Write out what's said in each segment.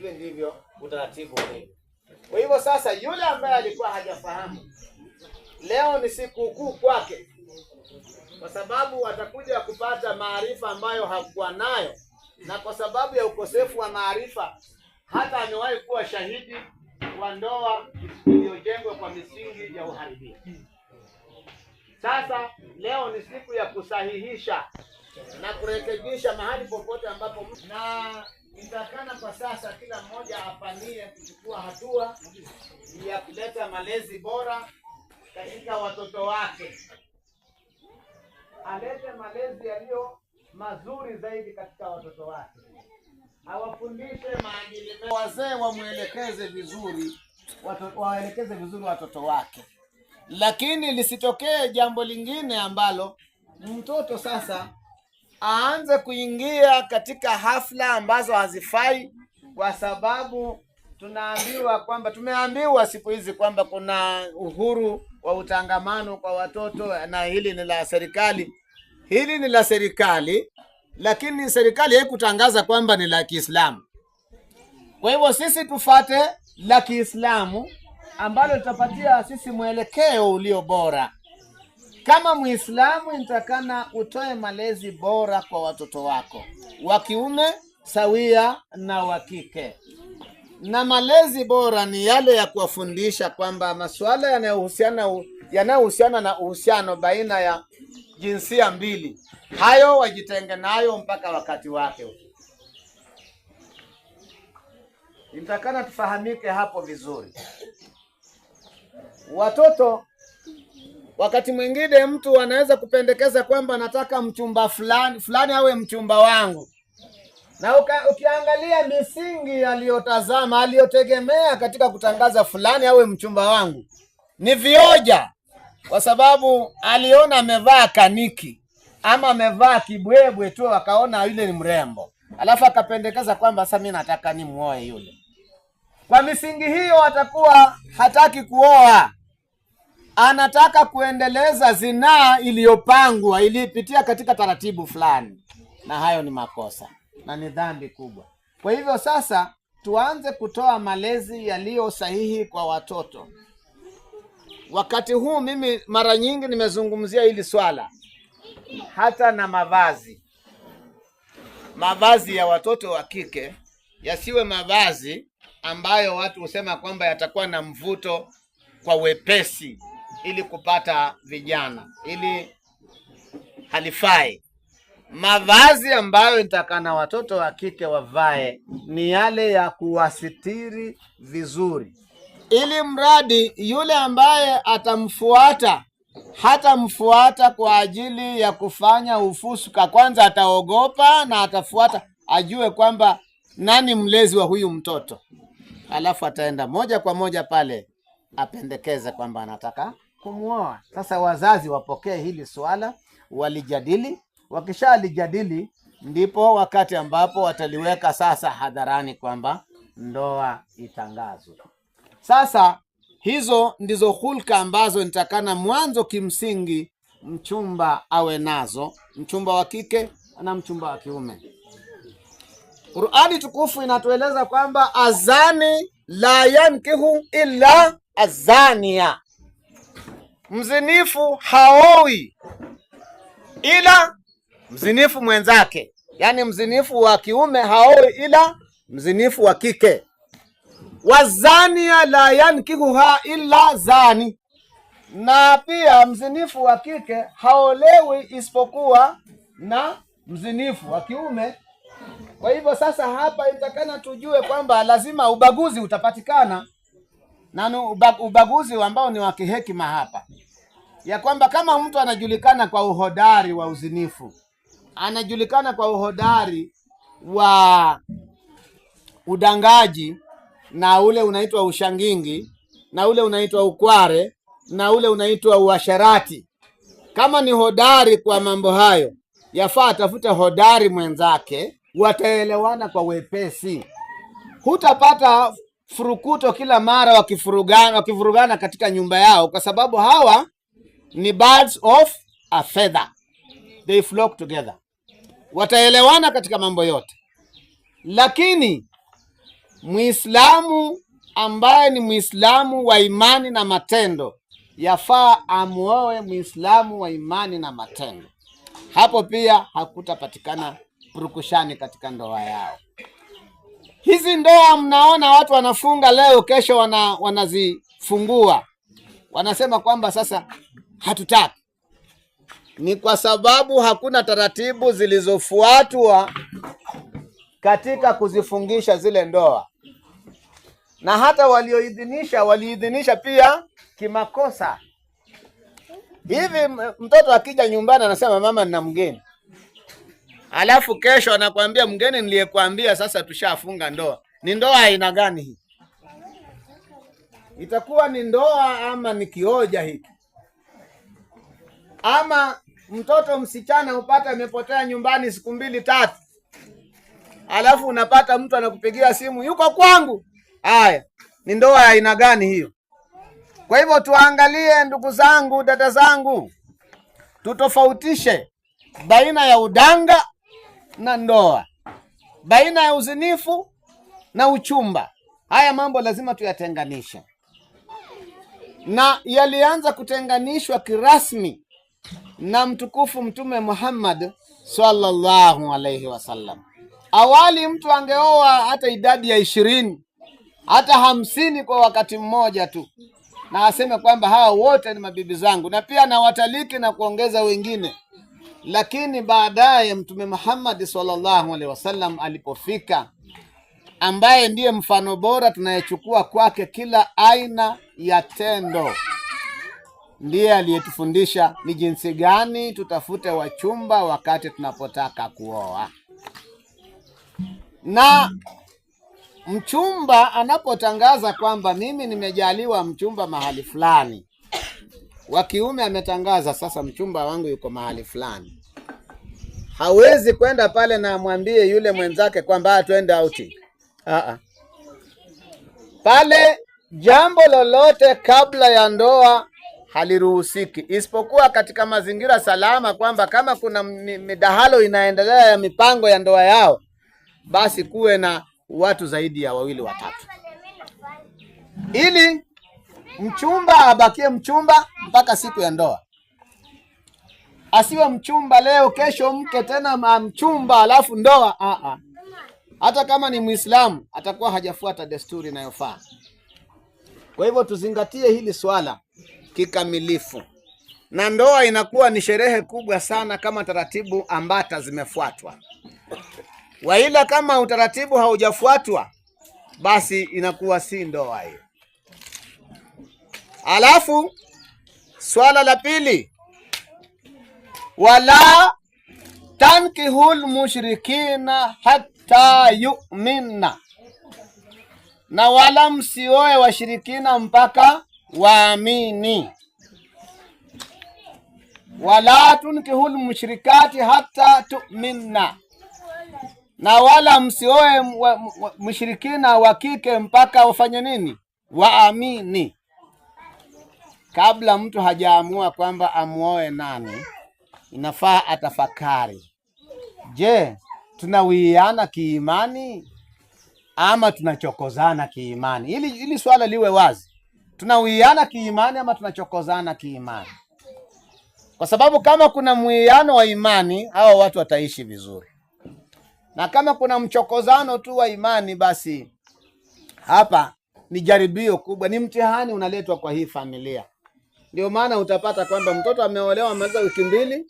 Hivyo ndivyo utaratibu ulivyo. Kwa hivyo sasa, yule ambaye alikuwa hajafahamu, leo ni siku kuu kwake, kwa sababu atakuja kupata maarifa ambayo hakuwa nayo, na kwa sababu ya ukosefu wa maarifa, hata amewahi kuwa shahidi wa ndoa iliyojengwa kwa misingi ya uharibia Sasa leo ni siku ya kusahihisha na kurekebisha mahali popote ambapo na Nitakana kwa sasa kila mmoja afanie kuchukua hatua ya kuleta malezi bora katika watoto wake, alete malezi yaliyo mazuri zaidi katika watoto wake, awafundishe maadili mema. Wazee wamwelekeze vizuri, waelekeze vizuri watoto wake, lakini lisitokee jambo lingine ambalo mtoto sasa aanze kuingia katika hafla ambazo hazifai, kwa sababu tunaambiwa kwamba tumeambiwa siku hizi kwamba kuna uhuru wa utangamano kwa watoto, na hili ni la serikali, hili ni la serikali, lakini serikali haikutangaza kwamba ni la Kiislamu. Kwa hivyo sisi tufate la Kiislamu ambalo litapatia sisi mwelekeo ulio bora. Kama Muislamu inatakana utoe malezi bora kwa watoto wako wa kiume sawia na wa kike, na malezi bora ni yale ya kuwafundisha kwamba masuala yanayohusiana yanayohusiana na uhusiano baina ya jinsia mbili, hayo wajitenge nayo mpaka wakati wake. Inatakana tufahamike hapo vizuri, watoto Wakati mwingine mtu anaweza kupendekeza kwamba nataka mchumba fulani fulani awe mchumba wangu, na ukiangalia misingi aliyotazama aliyotegemea katika kutangaza fulani awe mchumba wangu ni vioja, kwa sababu aliona amevaa kaniki ama amevaa kibwebwe tu, akaona yule ni mrembo, alafu akapendekeza kwamba sasa mimi nataka nimuoe yule. Kwa misingi hiyo atakuwa hataki kuoa anataka kuendeleza zinaa iliyopangwa iliyopitia katika taratibu fulani, na hayo ni makosa na ni dhambi kubwa. Kwa hivyo sasa tuanze kutoa malezi yaliyo sahihi kwa watoto. Wakati huu mimi mara nyingi nimezungumzia hili swala, hata na mavazi. Mavazi ya watoto wa kike yasiwe mavazi ambayo watu husema kwamba yatakuwa na mvuto kwa wepesi ili kupata vijana, ili halifai. Mavazi ambayo nitakana watoto wa kike wavae ni yale ya kuwasitiri vizuri, ili mradi yule ambaye atamfuata hatamfuata kwa ajili ya kufanya ufusuka. Kwanza ataogopa na atafuata, ajue kwamba nani mlezi wa huyu mtoto, alafu ataenda moja kwa moja pale apendekeze kwamba anataka kumwoa. Sasa wazazi wapokee hili swala, walijadili. Wakishalijadili ndipo wakati ambapo wataliweka sasa hadharani kwamba ndoa itangazwe. Sasa hizo ndizo hulka ambazo nitakana mwanzo, kimsingi mchumba awe nazo, mchumba wa kike na mchumba wa kiume. Qur'ani tukufu inatueleza kwamba azani la yankihu illa azania, mzinifu haoi ila mzinifu mwenzake, yaani mzinifu wa kiume haoi ila mzinifu wa kike. Wazania la yankihuha ila zani, na pia mzinifu wa kike haolewi isipokuwa na mzinifu wa kiume. Kwa hivyo sasa, hapa inatakana tujue kwamba lazima ubaguzi utapatikana na ubaguzi ambao ni wa kihekima hapa ya kwamba kama mtu anajulikana kwa uhodari wa uzinifu, anajulikana kwa uhodari wa udangaji, na ule unaitwa ushangingi, na ule unaitwa ukware, na ule unaitwa uasharati. Kama ni hodari kwa mambo hayo, yafaa atafute hodari mwenzake, wataelewana kwa wepesi. Hutapata furukuto kila mara wakifurugana, wakivurugana katika nyumba yao, kwa sababu hawa ni birds of a feather, they flock together. Wataelewana katika mambo yote, lakini Muislamu ambaye ni Muislamu wa imani na matendo yafaa amwoe Muislamu wa imani na matendo. Hapo pia hakutapatikana purukushani katika ndoa yao. Hizi ndoa mnaona watu wanafunga leo, kesho wana, wanazifungua wanasema kwamba sasa hatutaki. Ni kwa sababu hakuna taratibu zilizofuatwa katika kuzifungisha zile ndoa, na hata walioidhinisha waliidhinisha pia kimakosa. Hivi mtoto akija nyumbani anasema mama, nina mgeni, alafu kesho anakwambia mgeni niliyekwambia, sasa tushafunga ndoa. Ni ndoa aina gani hii? Itakuwa ni ndoa ama ni kioja hiki? Ama mtoto msichana upata amepotea nyumbani siku mbili tatu, alafu unapata mtu anakupigia simu yuko kwangu. Haya, ni ndoa ya aina gani hiyo? Kwa hivyo tuangalie, ndugu zangu, dada zangu, tutofautishe baina ya udanga na ndoa, baina ya uzinifu na uchumba. Haya mambo lazima tuyatenganishe, na yalianza kutenganishwa kirasmi na mtukufu Mtume Muhammad sallallahu alaihi wasallam. Awali mtu angeoa hata idadi ya ishirini hata hamsini kwa wakati mmoja tu, na aseme kwamba hawa wote ni mabibi zangu, na pia na wataliki na kuongeza wengine. Lakini baadaye Mtume Muhammad sallallahu alaihi wasallam alipofika, ambaye ndiye mfano bora tunayechukua kwake kila aina ya tendo ndiye aliyetufundisha ni jinsi gani tutafute wachumba wakati tunapotaka kuoa. Na mchumba anapotangaza kwamba mimi nimejaliwa mchumba mahali fulani, wa kiume ametangaza sasa mchumba wangu yuko mahali fulani, hawezi kwenda pale na amwambie yule mwenzake kwamba ah, twende auti Pale jambo lolote kabla ya ndoa haliruhusiki isipokuwa katika mazingira salama, kwamba kama kuna midahalo inaendelea ya mipango ya ndoa yao, basi kuwe na watu zaidi ya wawili watatu, ili mchumba abakie mchumba mpaka siku ya ndoa, asiwe mchumba leo, kesho mke, tena mchumba alafu ndoa. Aa, hata kama ni Muislamu atakuwa hajafuata desturi inayofaa. Kwa hivyo tuzingatie hili swala kikamilifu, na ndoa inakuwa ni sherehe kubwa sana kama taratibu ambata zimefuatwa. Waila kama utaratibu haujafuatwa, basi inakuwa si ndoa hiyo. Alafu swala la pili, wala tankihul mushrikina hatta yu'minna, na wala msioe washirikina mpaka waamini wala tunkihu lmushrikati hata tuminna, na wala msioe mshirikina wa kike mpaka wafanye nini? Waamini. Kabla mtu hajaamua kwamba amuoe nani, inafaa atafakari. Je, tunawiana kiimani ama tunachokozana kiimani? Ili ili swala liwe wazi tunawiana kiimani ama tunachokozana kiimani? Kwa sababu kama kuna mwiano wa imani, hawa watu wataishi vizuri, na kama kuna mchokozano tu wa imani, basi hapa ni jaribio kubwa, ni mtihani unaletwa kwa hii familia. Ndio maana utapata kwamba mtoto ameolewa, amaliza wiki mbili,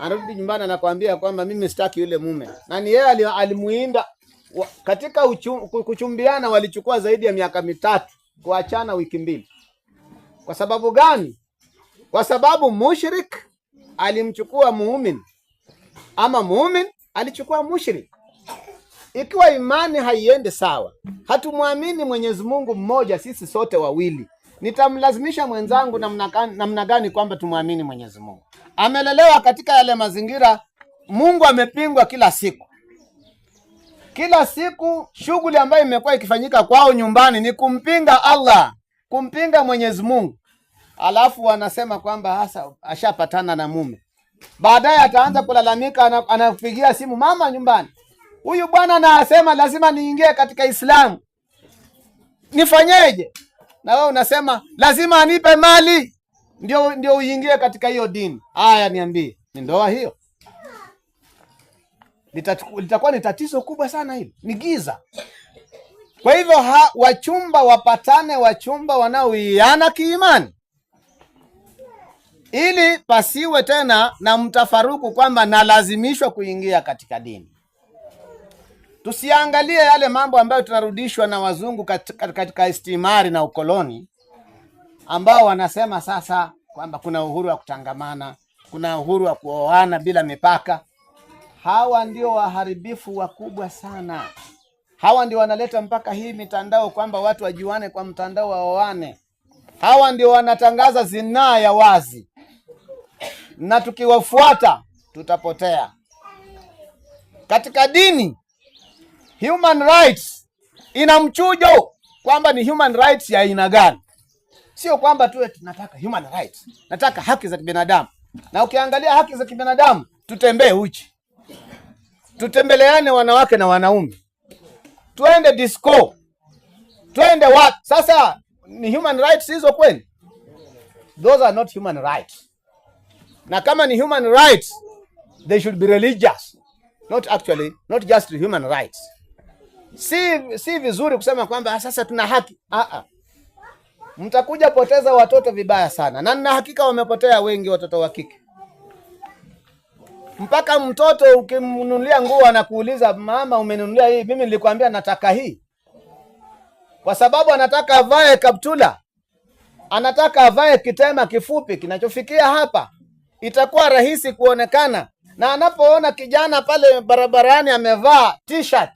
anarudi nyumbani, anakwambia kwamba mimi sitaki yule mume, na ni yeye alimuinda katika uchum, kuchumbiana. Walichukua zaidi ya miaka mitatu kuachana wiki mbili. Kwa sababu gani? Kwa sababu mushrik alimchukua muumin ama muumin alichukua mushrik. Ikiwa imani haiende sawa, hatumwamini Mwenyezi Mungu mmoja, sisi sote wawili, nitamlazimisha mwenzangu namna gani kwamba tumwamini Mwenyezi Mungu? Amelelewa katika yale mazingira, Mungu amepingwa kila siku. Kila siku shughuli ambayo imekuwa ikifanyika kwao nyumbani ni kumpinga Allah, kumpinga Mwenyezi Mungu, alafu wanasema kwamba hasa ashapatana na mume. Baadaye ataanza kulalamika, anapigia simu mama nyumbani, huyu bwana anasema lazima niingie katika Islamu, nifanyeje? Na wewe unasema lazima anipe mali ndio ndio uingie katika hiyo dini. Aya, niambie, ni ndoa hiyo? litakuwa ni tatizo kubwa sana. Hili ni giza. Kwa hivyo ha, wachumba wapatane, wachumba wanaoiana kiimani, ili pasiwe tena na mtafaruku kwamba nalazimishwa kuingia katika dini. Tusiangalie yale mambo ambayo tunarudishwa na wazungu katika, katika istimari na ukoloni ambao wanasema sasa kwamba kuna uhuru wa kutangamana, kuna uhuru wa kuoana bila mipaka. Hawa ndio waharibifu wakubwa sana. Hawa ndio wanaleta mpaka hii mitandao kwamba watu wajuane kwa mtandao waoane. Hawa ndio wanatangaza zinaa ya wazi, na tukiwafuata tutapotea katika dini. Human rights ina mchujo kwamba ni human rights ya aina gani, sio kwamba tuwe tunataka human rights, nataka haki za kibinadamu. Na ukiangalia haki za kibinadamu, tutembee uchi tutembeleane wanawake na wanaume, twende disco, twende wat. Sasa ni human rights hizo kweli? Those are not human rights. Na kama ni human rights, they should be religious, not actually, not just human rights. Si, si vizuri kusema kwamba ah, sasa tuna haki ah -ah. Mtakuja poteza watoto vibaya sana, na nina hakika wamepotea wengi watoto wa kike mpaka mtoto ukimnunulia nguo anakuuliza mama, umenunulia hii? Mimi nilikwambia nataka hii, kwa sababu anataka avae kaptula, anataka avae kitema kifupi kinachofikia hapa, itakuwa rahisi kuonekana. Na anapoona kijana pale barabarani amevaa t-shirt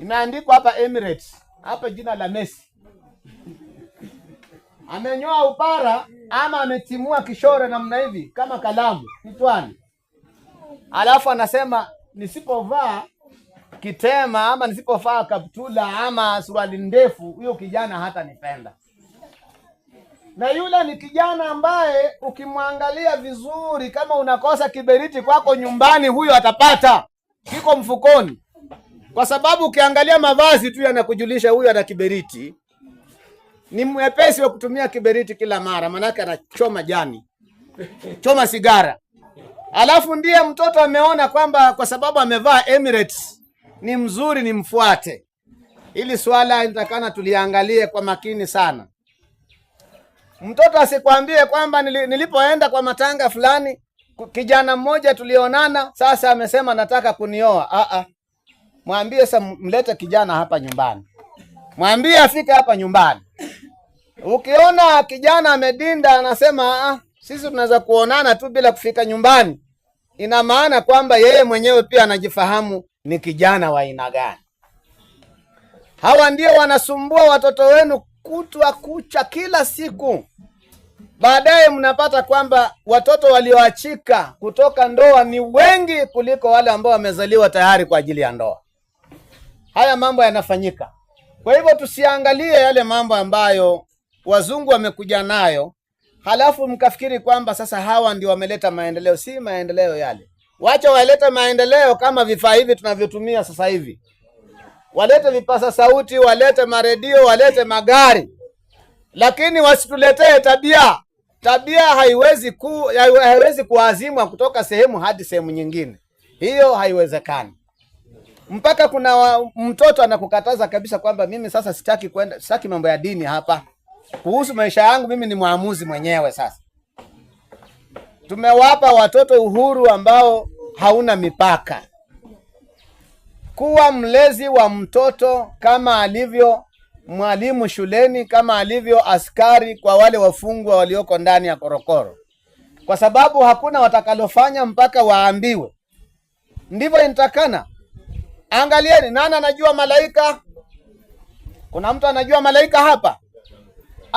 imeandikwa hapa Emirates, hapa jina la Messi, amenyoa upara ama ametimua kishore namna hivi kama kalamu kitwani alafu anasema nisipovaa kitema ama nisipovaa kaptula ama suruali ndefu, huyo kijana hata nipenda. Na yule ni kijana ambaye ukimwangalia vizuri, kama unakosa kiberiti kwako nyumbani, huyo atapata, kiko mfukoni, kwa sababu ukiangalia mavazi tu yanakujulisha huyo ana kiberiti. Ni mwepesi wa kutumia kiberiti kila mara, maanake anachoma jani, choma sigara alafu ndiye mtoto ameona kwamba kwa sababu amevaa Emirates ni mzuri, nimfuate. Hili swala nitakana tuliangalie kwa makini sana. Mtoto asikwambie kwamba nilipoenda kwa matanga fulani kijana mmoja tulionana, sasa amesema nataka kunioa. Ah ah, mwambie sasa, mlete kijana hapa nyumbani, mwambie afike hapa nyumbani. Ukiona kijana amedinda, anasema ah, sisi tunaweza kuonana tu bila kufika nyumbani, ina maana kwamba yeye mwenyewe pia anajifahamu ni kijana wa aina gani. Hawa ndio wanasumbua watoto wenu kutwa kucha, kila siku. Baadaye mnapata kwamba watoto walioachika kutoka ndoa ni wengi kuliko wale ambao wamezaliwa tayari kwa ajili ya ndoa. Haya mambo yanafanyika. Kwa hivyo tusiangalie yale mambo ambayo wazungu wamekuja nayo halafu mkafikiri kwamba sasa hawa ndio wameleta maendeleo. Si maendeleo yale, wacha walete maendeleo kama vifaa hivi tunavyotumia sasa hivi, walete vipasa sauti, walete maredio, walete magari, lakini wasituletee tabia. Tabia haiwezi ku, haiwezi kuazimwa kutoka sehemu hadi sehemu nyingine, hiyo haiwezekani. Mpaka kuna wa, mtoto anakukataza kabisa kwamba mimi sasa sitaki kwenda, sitaki mambo ya dini hapa kuhusu maisha yangu mimi ni mwamuzi mwenyewe. Sasa tumewapa watoto uhuru ambao hauna mipaka. Kuwa mlezi wa mtoto kama alivyo mwalimu shuleni, kama alivyo askari kwa wale wafungwa walioko ndani ya korokoro, kwa sababu hakuna watakalofanya mpaka waambiwe. Ndivyo inatakana. Angalieni, nani anajua malaika? Kuna mtu anajua malaika hapa?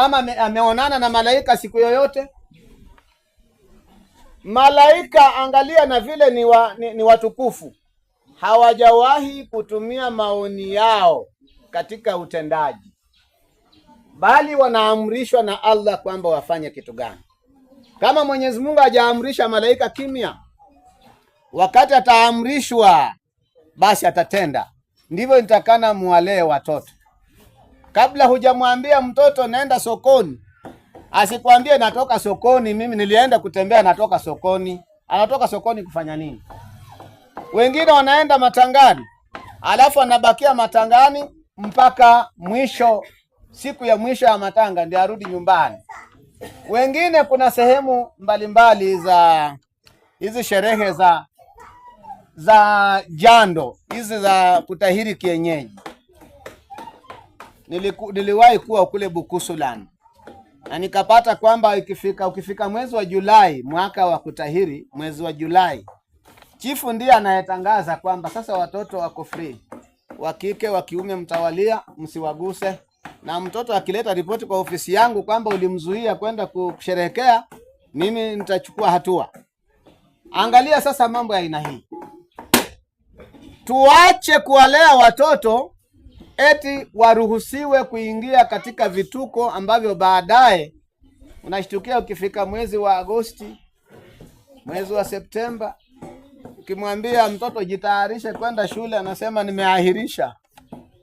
ama ameonana na malaika siku yoyote? Malaika angalia, na vile ni, wa, ni, ni watukufu, hawajawahi kutumia maoni yao katika utendaji, bali wanaamrishwa na Allah kwamba wafanye kitu gani. Kama Mwenyezi Mungu hajaamrisha malaika kimya, wakati ataamrishwa basi atatenda. Ndivyo nitakana muwalee watoto kabla hujamwambia mtoto naenda sokoni, asikwambie natoka sokoni, mimi nilienda kutembea, natoka sokoni. Anatoka sokoni kufanya nini? Wengine wanaenda matangani, alafu anabakia matangani mpaka mwisho, siku ya mwisho ya matanga ndio arudi nyumbani. Wengine kuna sehemu mbalimbali mbali za hizi sherehe za za jando hizi za kutahiri kienyeji niliku, niliwahi kuwa kule Bukusulan na nikapata kwamba ikifika ukifika mwezi wa Julai mwaka wa kutahiri, mwezi wa Julai, chifu ndiye anayetangaza kwamba sasa watoto wako free, wa kike wa kiume mtawalia, msiwaguse. Na mtoto akileta ripoti kwa ofisi yangu kwamba ulimzuia kwenda kusherehekea, mimi nitachukua hatua. Angalia sasa mambo ya aina hii, tuache kuwalea watoto eti waruhusiwe kuingia katika vituko ambavyo baadaye unashtukia ukifika mwezi wa Agosti, mwezi wa Septemba, ukimwambia mtoto jitayarishe kwenda shule, anasema nimeahirisha.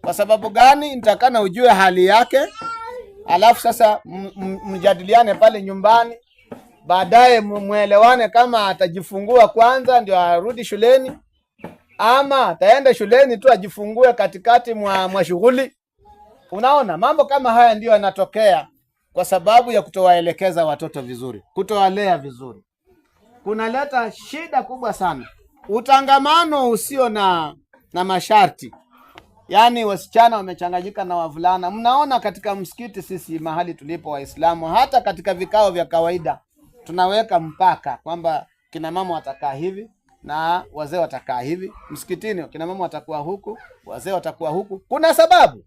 Kwa sababu gani? Nitakana ujue hali yake, alafu sasa mjadiliane pale nyumbani, baadaye mwelewane kama atajifungua kwanza ndio arudi shuleni ama ataenda shuleni tu ajifungue katikati mwa, mwa shughuli. Unaona, mambo kama haya ndiyo yanatokea kwa sababu ya kutowaelekeza watoto vizuri, kutowalea vizuri, kunaleta shida kubwa sana. Utangamano usio na na masharti, yaani wasichana wamechanganyika na wavulana. Mnaona katika msikiti sisi mahali tulipo Waislamu, hata katika vikao vya kawaida tunaweka mpaka kwamba kina mama watakaa hivi na wazee watakaa hivi msikitini, kina mama watakuwa huku, wazee watakuwa huku. Kuna sababu,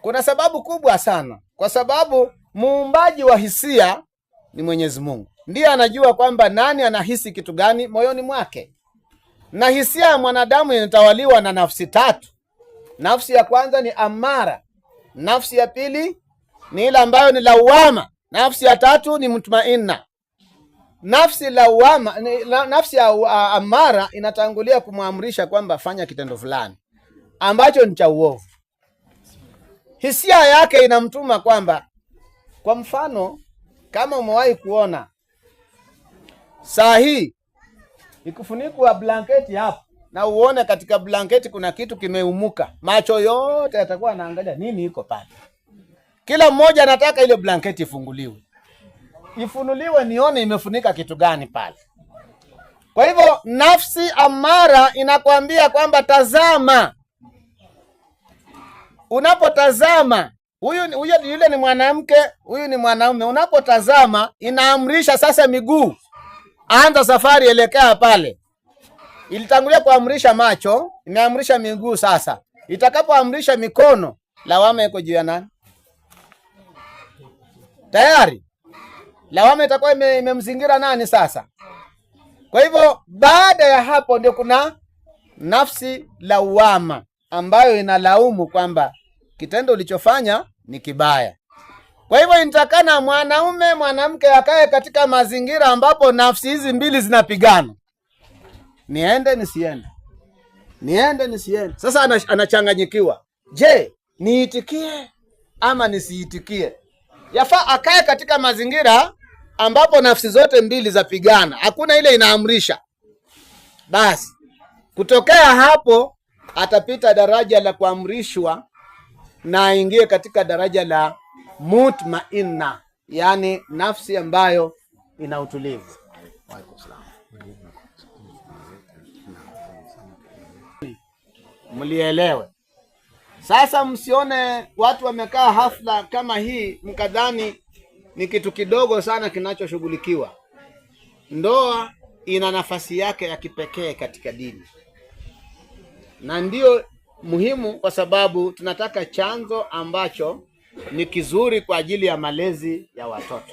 kuna sababu kubwa sana, kwa sababu muumbaji wa hisia ni Mwenyezi Mungu. Ndiye anajua kwamba nani anahisi kitu gani moyoni mwake, na hisia ya mwanadamu inatawaliwa na nafsi tatu. Nafsi ya kwanza ni amara, nafsi ya pili ni ile ambayo ni lawama, nafsi ya tatu ni mutmainna nafsi lawama, nafsi ya amara inatangulia kumwamrisha kwamba fanya kitendo fulani ambacho ni cha uovu. Hisia yake inamtuma kwamba, kwa mfano, kama umewahi kuona saa hii ikufunikwa blanketi hapo na uone katika blanketi kuna kitu kimeumuka, macho yote yatakuwa anaangalia nini iko pale. Kila mmoja anataka ile blanketi ifunguliwe ifunuliwe nione imefunika kitu gani pale. Kwa hivyo nafsi amara inakwambia kwamba tazama. Unapotazama huyu huyo, yule ni mwanamke, huyu ni mwanaume. Unapotazama inaamrisha sasa, miguu anza safari, elekea pale. Ilitangulia kuamrisha macho, imeamrisha miguu. Sasa itakapoamrisha mikono, lawama iko juu ya nani? Tayari lawama itakuwa imemzingira nani sasa? Kwa hivyo baada ya hapo ndio kuna nafsi lawama ambayo inalaumu kwamba kitendo ulichofanya ni kibaya. Kwa hivyo intakana mwanaume mwanamke akae katika mazingira ambapo nafsi hizi mbili zinapigana, niende nisiende, niende nisiende. Sasa anachanganyikiwa, je, niitikie ama nisiitikie? yafaa akae katika mazingira ambapo nafsi zote mbili zapigana, hakuna ile inaamrisha. Basi kutokea hapo atapita daraja la kuamrishwa na aingie katika daraja la mutmainna, yaani nafsi ambayo ina utulivu. Mlielewe. Sasa msione watu wamekaa hafla kama hii mkadhani ni kitu kidogo sana kinachoshughulikiwa. Ndoa ina nafasi yake ya kipekee katika dini, na ndiyo muhimu, kwa sababu tunataka chanzo ambacho ni kizuri kwa ajili ya malezi ya watoto.